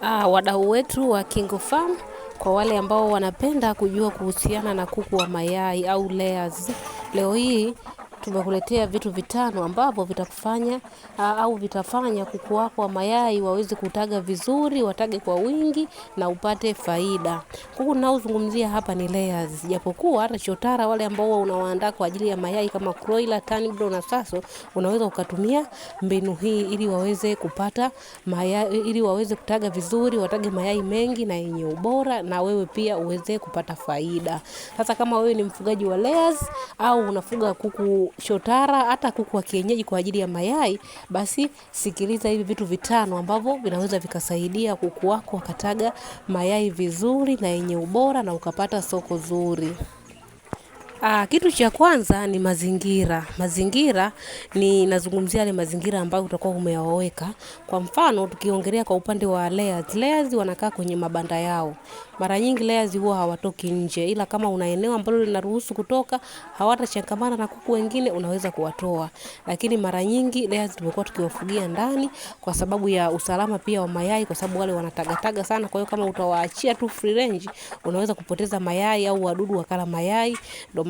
uh, wadau wetu wa Kingo Farm kwa wale ambao wanapenda kujua kuhusiana na kuku wa mayai au layers. Leo hii tumekuletea vitu vitano ambavyo vitakufanya au vitafanya kuku wako wa mayai waweze kutaga vizuri, watage kwa wingi na upate faida. Kuku ninaozungumzia hapa ni layers. Japokuwa hata chotara wale ambao unawaandaa kwa ajili ya mayai kama broiler, tunbro na saso, unaweza ukatumia mbinu hii ili waweze kupata mayai, ili waweze kutaga vizuri, watage mayai mengi na yenye ubora na wewe pia uweze kupata faida. Sasa kama wewe ni mfugaji wa layers au unafuga kuku kuku chotara, hata kuku wa kienyeji kwa ajili ya mayai, basi sikiliza hivi vitu vitano ambavyo vinaweza vikasaidia kuku wako wakataga mayai vizuri na yenye ubora na ukapata soko zuri. Aa, ah, kitu cha kwanza ni mazingira. Mazingira ni nazungumzia yale mazingira ambayo utakuwa umeyaweka. Kwa mfano, tukiongelea kwa upande wa layers. Layers wanakaa kwenye mabanda yao. Mara nyingi layers huwa hawatoki nje. Ila kama una eneo ambalo linaruhusu kutoka, hawatachangamana na kuku wengine, unaweza kuwatoa. Lakini mara nyingi layers tumekuwa tukiwafugia ndani kwa sababu ya usalama pia wa mayai kwa sababu wale wanatagataga sana. Kwa hiyo kama utawaachia tu free range, unaweza kupoteza mayai au wadudu wakala mayai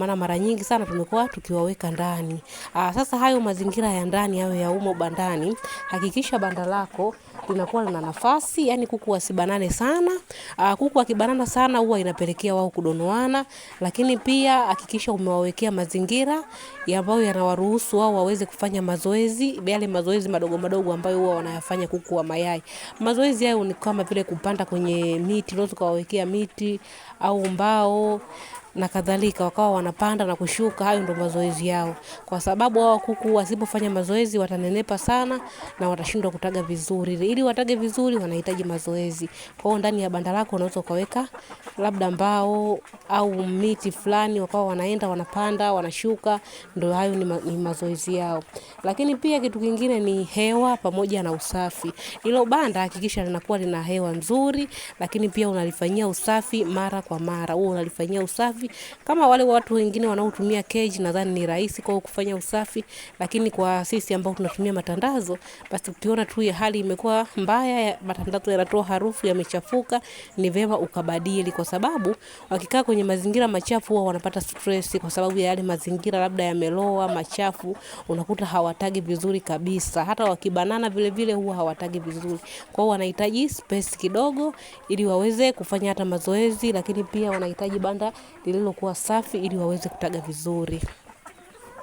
maana mara nyingi sana tumekuwa tukiwaweka ndani. Aa, ah, sasa hayo mazingira ya ndani yawe ya umo bandani, hakikisha banda lako linakuwa lina nafasi, yani kuku wasibanane sana. Aa, ah, kuku akibanana sana huwa inapelekea wao kudonoana, lakini pia hakikisha umewawekea mazingira ambayo yanawaruhusu wao waweze kufanya mazoezi, yale mazoezi madogo madogo ambayo huwa wanayafanya kuku wa mayai. Mazoezi hayo ni kama vile kupanda kwenye miti, unaweza kuwawekea miti au mbao na kadhalika, wakawa wanapanda na kushuka. Hayo ndo mazoezi yao, kwa sababu hao kuku wasipofanya mazoezi watanenepa sana na watashindwa kutaga vizuri. Ili watage vizuri, wanahitaji mazoezi. Kwa hiyo ndani ya banda lako unaweza ukaweka labda mbao au miti fulani, wakawa wanaenda wanapanda, wanashuka. Ndo hayo ni, ma, ni mazoezi yao. Lakini pia kitu kingine ni hewa pamoja na usafi. Hilo banda hakikisha linakuwa lina hewa nzuri, lakini pia unalifanyia usafi mara kwa mara, huo unalifanyia usafi usafi kama wale watu wengine wanaotumia cage. Nadhani ni rahisi kwao kufanya usafi, lakini kwa sisi ambao tunatumia matandazo, basi ukiona tu hali imekuwa mbaya, matandazo yanatoa harufu, yamechafuka, ni vema ukabadili, kwa sababu wakikaa kwenye mazingira machafu huwa wanapata stress, kwa sababu ya yale mazingira labda yameloa machafu, unakuta hawatagi vizuri kabisa. Hata wakibanana vile vile huwa hawatagi vizuri, kwao wanahitaji space kidogo ili waweze kufanya hata mazoezi, lakini pia wanahitaji banda lililokuwa safi ili waweze kutaga vizuri.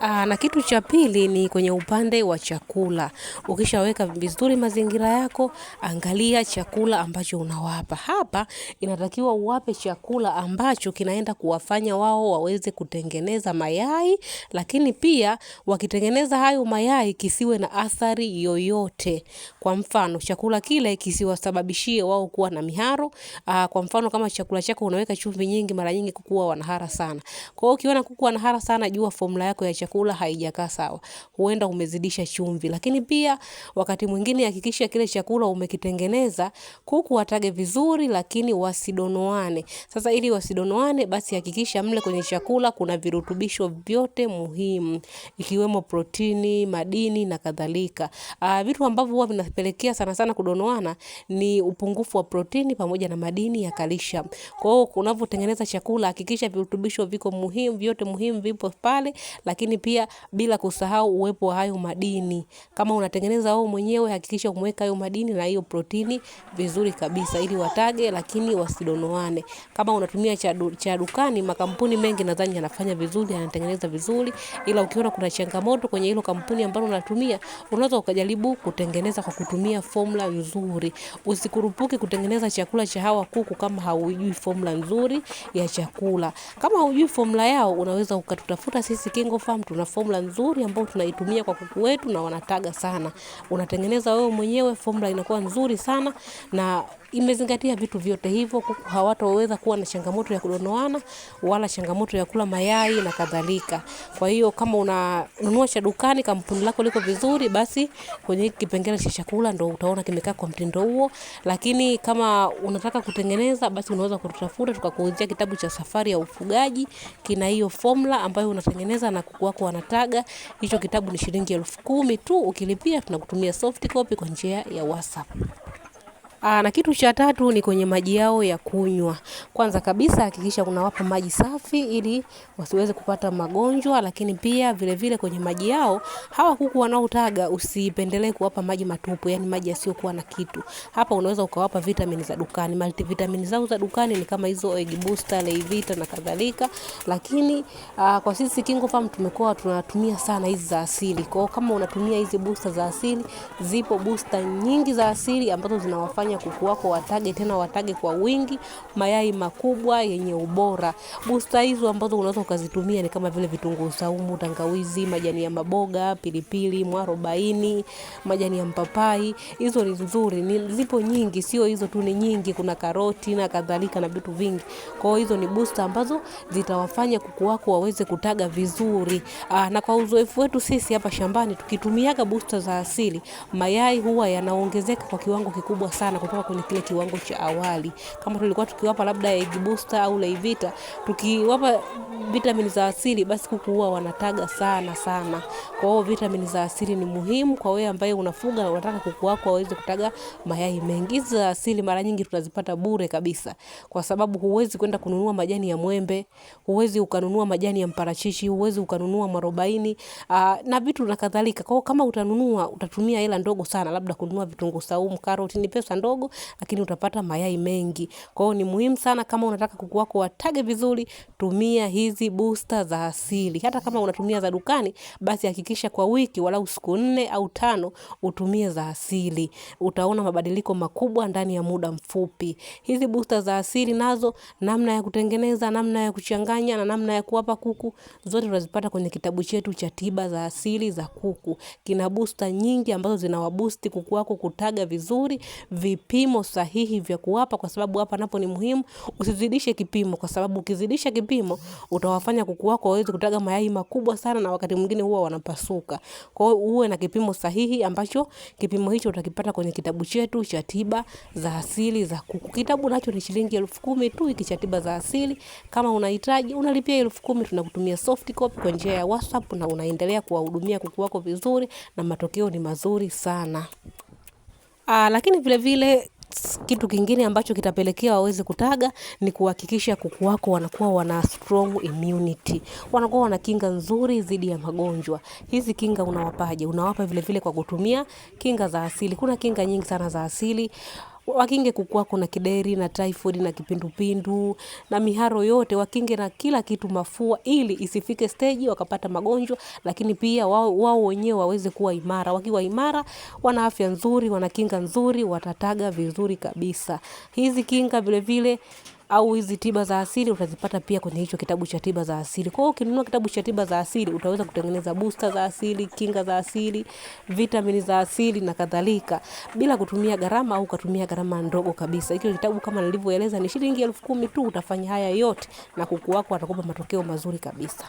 Aa, ah, na kitu cha pili ni kwenye upande wa chakula. Ukishaweka vizuri mazingira yako, angalia chakula ambacho unawapa. Hapa inatakiwa uwape chakula ambacho kinaenda kuwafanya wao waweze kutengeneza mayai, lakini pia wakitengeneza hayo mayai kisiwe na athari yoyote. Kwa mfano, chakula kile kisiwasababishie wao kuwa na miharo. Aa, ah, kwa mfano kama chakula chako unaweka chumvi nyingi, mara nyingi kuku wanahara sana. Kwa hiyo ukiona kuku wanahara sana, jua formula yako ya chakula chakula haijakaa sawa, huenda umezidisha chumvi. Lakini pia wakati mwingine hakikisha kile chakula umekitengeneza, kuku watage vizuri, lakini wasidonoane. Sasa ili wasidonoane, basi hakikisha mle kwenye chakula kuna virutubisho vyote muhimu ikiwemo protini, madini na kadhalika. Uh, vitu ambavyo huwa vinapelekea sana sana kudonoana ni upungufu wa protini pamoja na madini ya kalisha. Kwa hiyo unavyotengeneza chakula hakikisha virutubisho viko muhimu vyote muhimu vipo pale, lakini lakini pia bila kusahau uwepo wa hayo madini. Kama unatengeneza wewe mwenyewe, hakikisha umeweka hayo madini na hiyo protini vizuri kabisa, ili watage lakini wasidonoane. Kama unatumia cha dukani, makampuni mengi nadhani yanafanya vizuri, yanatengeneza vizuri, ila ukiona kuna changamoto kwenye hilo kampuni ambalo unatumia, unaweza ukajaribu kutengeneza kwa kutumia formula nzuri. Usikurupuke kutengeneza chakula cha hawa kuku kama haujui formula nzuri ya chakula. Kama hujui formula yao, unaweza ukatutafuta sisi KingoFarm tuna formula nzuri ambayo tunaitumia kwa kuku wetu na wanataga sana. Unatengeneza wewe mwenyewe, formula inakuwa nzuri sana na imezingatia vitu vyote hivyo, kuku hawatoweza kuwa na changamoto ya kudonoana wala changamoto ya kula mayai na kadhalika. Kwa hiyo kama unanunua cha dukani, kampuni lako liko vizuri, basi kwenye kipengele cha chakula ndo utaona kimekaa kwa mtindo huo, lakini kama unataka kutengeneza, basi unaweza kututafuta tukakuuzia kitabu cha Safari ya Ufugaji, kina hiyo formula ambayo unatengeneza na kuku wako wanataga. Hicho kitabu ni shilingi elfu kumi tu, ukilipia tunakutumia soft copy kwa njia ya WhatsApp. Aa, ah, na kitu cha tatu ni kwenye maji yao ya kunywa. Kwanza kabisa hakikisha unawapa maji safi ili wasiweze kupata magonjwa, lakini pia vile vile kwenye maji yao hawa kuku wanaotaga usipendelee kuwapa maji matupu, yani maji yasiyokuwa na kitu. Hapa unaweza ukawapa vitamini za dukani. Multivitamini zao za dukani ni kama hizo Egg Booster, Levita na kadhalika. Lakini aa, ah, kwa sisi Kingo Farm tumekuwa tunatumia sana hizi za asili. Kwa kama unatumia hizi booster za asili, zipo booster nyingi za asili ambazo zinawafanya kufanya kuku wako watage tena watage kwa wingi, mayai makubwa yenye ubora. Busta hizo ambazo unaweza ukazitumia ni kama vile vitunguu saumu, tangawizi, majani ya maboga, pilipili, mwarobaini, majani ya mpapai. Hizo ni nzuri, ni zipo nyingi, sio hizo tu, ni nyingi. Kuna karoti na kadhalika na vitu vingi. Kwa hiyo hizo ni busta ambazo zitawafanya kuku wako waweze kutaga vizuri. Aa, ah, na kwa uzoefu wetu sisi hapa shambani tukitumiaga busta za asili, mayai huwa yanaongezeka kwa kiwango kikubwa sana sana kutoka kwenye kile kiwango cha awali. Kama tulikuwa tukiwapa labda egg booster au Levita, tukiwapa vitamini za asili, basi kuku huwa wanataga sana sana. Kwa hiyo vitamini za asili ni muhimu kwa wewe ambaye unafuga na unataka kuku wako waweze kutaga mayai mengi. Hizi za asili mara nyingi tunazipata bure kabisa, kwa sababu huwezi kwenda kununua majani ya mwembe, huwezi ukanunua majani ya mparachichi, huwezi ukanunua mwarobaini ah, na vitu na kadhalika. Kwa hiyo kama utanunua, utatumia hela ndogo sana, labda kununua vitunguu saumu, karoti, ni pesa ndogo kidogo, lakini utapata mayai mengi. Kwa ni muhimu sana, kama unataka kuku wako watage vizuri, tumia hizi busta za asili. Hata kama unatumia za dukani, basi hakikisha kwa wiki walau siku nne au tano utumie za asili. Utaona mabadiliko makubwa ndani ya muda mfupi. Hizi busta za asili nazo, namna ya kutengeneza, namna ya kuchanganya na namna ya kuwapa kuku, zote tunazipata kwenye kitabu chetu cha tiba za asili za kuku. Kina busta nyingi ambazo zinawabusti kuku wako kutaga vizuri vi vipimo sahihi vya kuwapa, kwa sababu hapa napo ni muhimu. Usizidishe kipimo, kwa sababu ukizidisha kipimo utawafanya kuku wako waweze kutaga mayai makubwa sana, na wakati mwingine huwa wanapasuka. Kwa hiyo uwe na kipimo sahihi, ambacho kipimo hicho utakipata kwenye kitabu chetu cha tiba za asili za kuku. Kitabu nacho ni shilingi elfu kumi tu, hiki cha tiba za asili. Kama unahitaji unalipia elfu kumi, tunakutumia soft copy kwa njia ya WhatsApp na unaendelea kuwahudumia kuku wako vizuri na matokeo ni mazuri sana. Aa, ah, lakini vile vile kitu kingine ambacho kitapelekea waweze kutaga ni kuhakikisha kuku wako wanakuwa wana strong immunity, wanakuwa wana kinga nzuri dhidi ya magonjwa. Hizi kinga unawapaje? Unawapa vile vile kwa kutumia kinga za asili. Kuna kinga nyingi sana za asili wakinge kukua na kideri na typhoid na kipindupindu na miharo yote, wakinge na kila kitu mafua, ili isifike steji wakapata magonjwa, lakini pia wao wenyewe waweze kuwa imara. Wakiwa imara, wana afya nzuri, wana kinga nzuri, watataga vizuri kabisa. Hizi kinga vilevile au hizi tiba za asili utazipata pia kwenye hicho kitabu cha tiba za asili. Kwa hiyo ukinunua kitabu cha tiba za asili utaweza kutengeneza booster za asili, kinga za asili, vitamini za asili na kadhalika bila kutumia gharama au ukatumia gharama ndogo kabisa. Hicho kitabu kama nilivyoeleza ni shilingi elfu kumi tu, utafanya haya yote na kuku wako atakupa matokeo mazuri kabisa.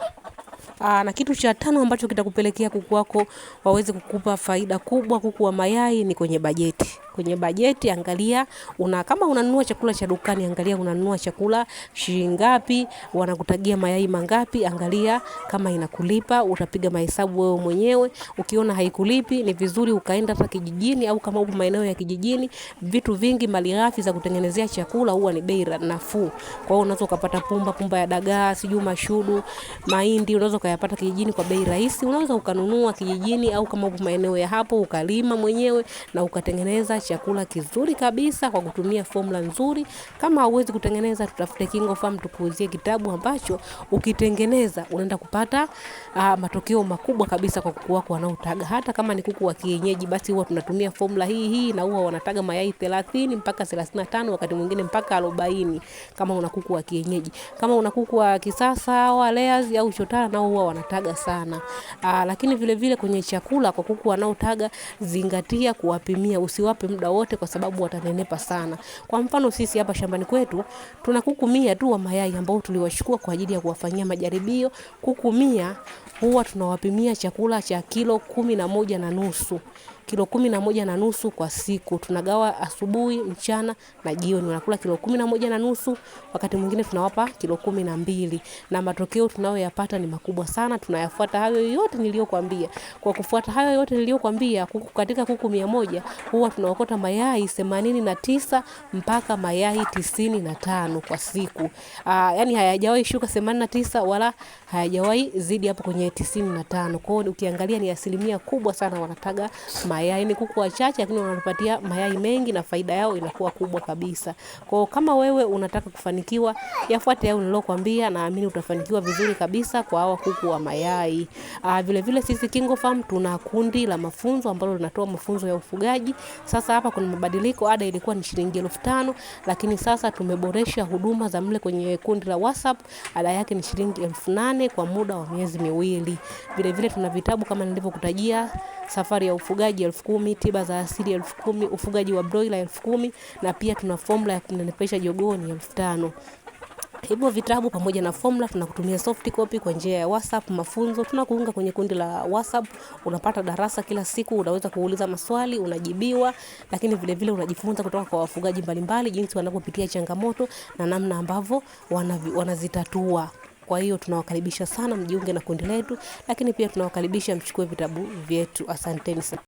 Aa, ah, na kitu cha tano ambacho kitakupelekea kuku wako waweze kukupa faida kubwa kuku wa mayai ni kwenye bajeti. Kwenye bajeti angalia una, kama unanunua chakula cha dukani angalia unanunua chakula shilingi ngapi, wanakutagia mayai mangapi, angalia kama inakulipa, utapiga mahesabu wewe mwenyewe. Ukiona haikulipi ni vizuri ukaenda hata kijijini au kama upo maeneo ya kijijini, vitu vingi malighafi za kutengenezea chakula huwa ni bei nafuu. Kwa hiyo unaweza ukapata pumba pumba ya dagaa, sijui mashudu, mahindi unaweza unaweza ukayapata kijijini kwa bei rahisi. Unaweza ukanunua kijijini, au kama upo maeneo ya hapo ukalima mwenyewe na ukatengeneza chakula kizuri kabisa kwa kutumia formula nzuri. Kama hauwezi kutengeneza, tutafute Kingo Farm tukuuzie kitabu ambacho ukitengeneza unaenda kupata uh, matokeo makubwa kabisa kwa kuku wako wanaotaga. Hata kama ni kuku wa kienyeji, basi huwa tunatumia formula hii hii na huwa wanataga mayai 30 mpaka 35, wakati mwingine mpaka 40 kama una kuku wa kienyeji. Kama una kuku wa kisasa au layers au chotara nao huwa wanataga sana. Aa, ah, lakini vile vile kwenye chakula kwa kuku wanaotaga, zingatia kuwapimia, usiwape muda wote kwa sababu watanenepa sana. Kwa mfano sisi hapa shambani kwetu tuna kuku mia tu wa mayai ambao tuliwashukua kwa ajili ya kuwafanyia majaribio. Kuku mia huwa tunawapimia chakula cha kilo kumi na moja na nusu kilo kumi na moja na nusu kwa siku. Tunagawa asubuhi, mchana na jioni, wanakula kilo kumi na moja na nusu wakati mwingine tunawapa kilo kumi na mbili na matokeo tunayoyapata ni makubwa sana. Tunayafuata hayo yote niliyokwambia. Kwa kufuata hayo yote niliyokwambia, kuku katika kuku mia moja huwa tunaokota mayai themanini na tisa mpaka mayai tisini na tano kwa siku. Aa, ah, yani hayajawahi shuka themanini na tisa wala hayajawahi zidi hapo kwenye tisini na tano. Kwa hiyo ukiangalia ni asilimia kubwa sana wanataga mayai mayai. Ni kuku wachache, lakini wanatupatia mayai mengi na faida yao inakuwa kubwa kabisa. Kwa kama wewe unataka kufanikiwa, yafuate yao nilokuambia, naamini utafanikiwa vizuri kabisa kwa hawa kuku wa mayai. Ah, vile vile sisi Kingo Farm tuna kundi la mafunzo ambalo linatoa mafunzo ya ufugaji. Sasa hapa kuna mabadiliko, ada ilikuwa ni shilingi elfu tano lakini sasa tumeboresha huduma za mle kwenye kundi la WhatsApp. Ada yake ni shilingi elfu nane kwa muda wa miezi miwili. Vile vile tuna vitabu kama nilivyokutajia safari ya ufugaji elfu kumi, tiba za asili elfu kumi, ufugaji wa broiler elfu kumi na pia tuna formula ya kunenepesha jogoo ni elfu tano. Hivyo vitabu pamoja na formula tunakutumia soft copy kwa njia ya WhatsApp. Mafunzo tunakuunga kwenye kundi la WhatsApp, unapata darasa kila siku, unaweza kuuliza maswali unajibiwa, lakini vile vile unajifunza kutoka kwa wafugaji mbalimbali jinsi wanavyopitia changamoto na namna ambavyo wanazitatua. Kwa hiyo tunawakaribisha sana mjiunge na kundi letu, lakini pia tunawakaribisha mchukue vitabu vyetu. Asanteni sana.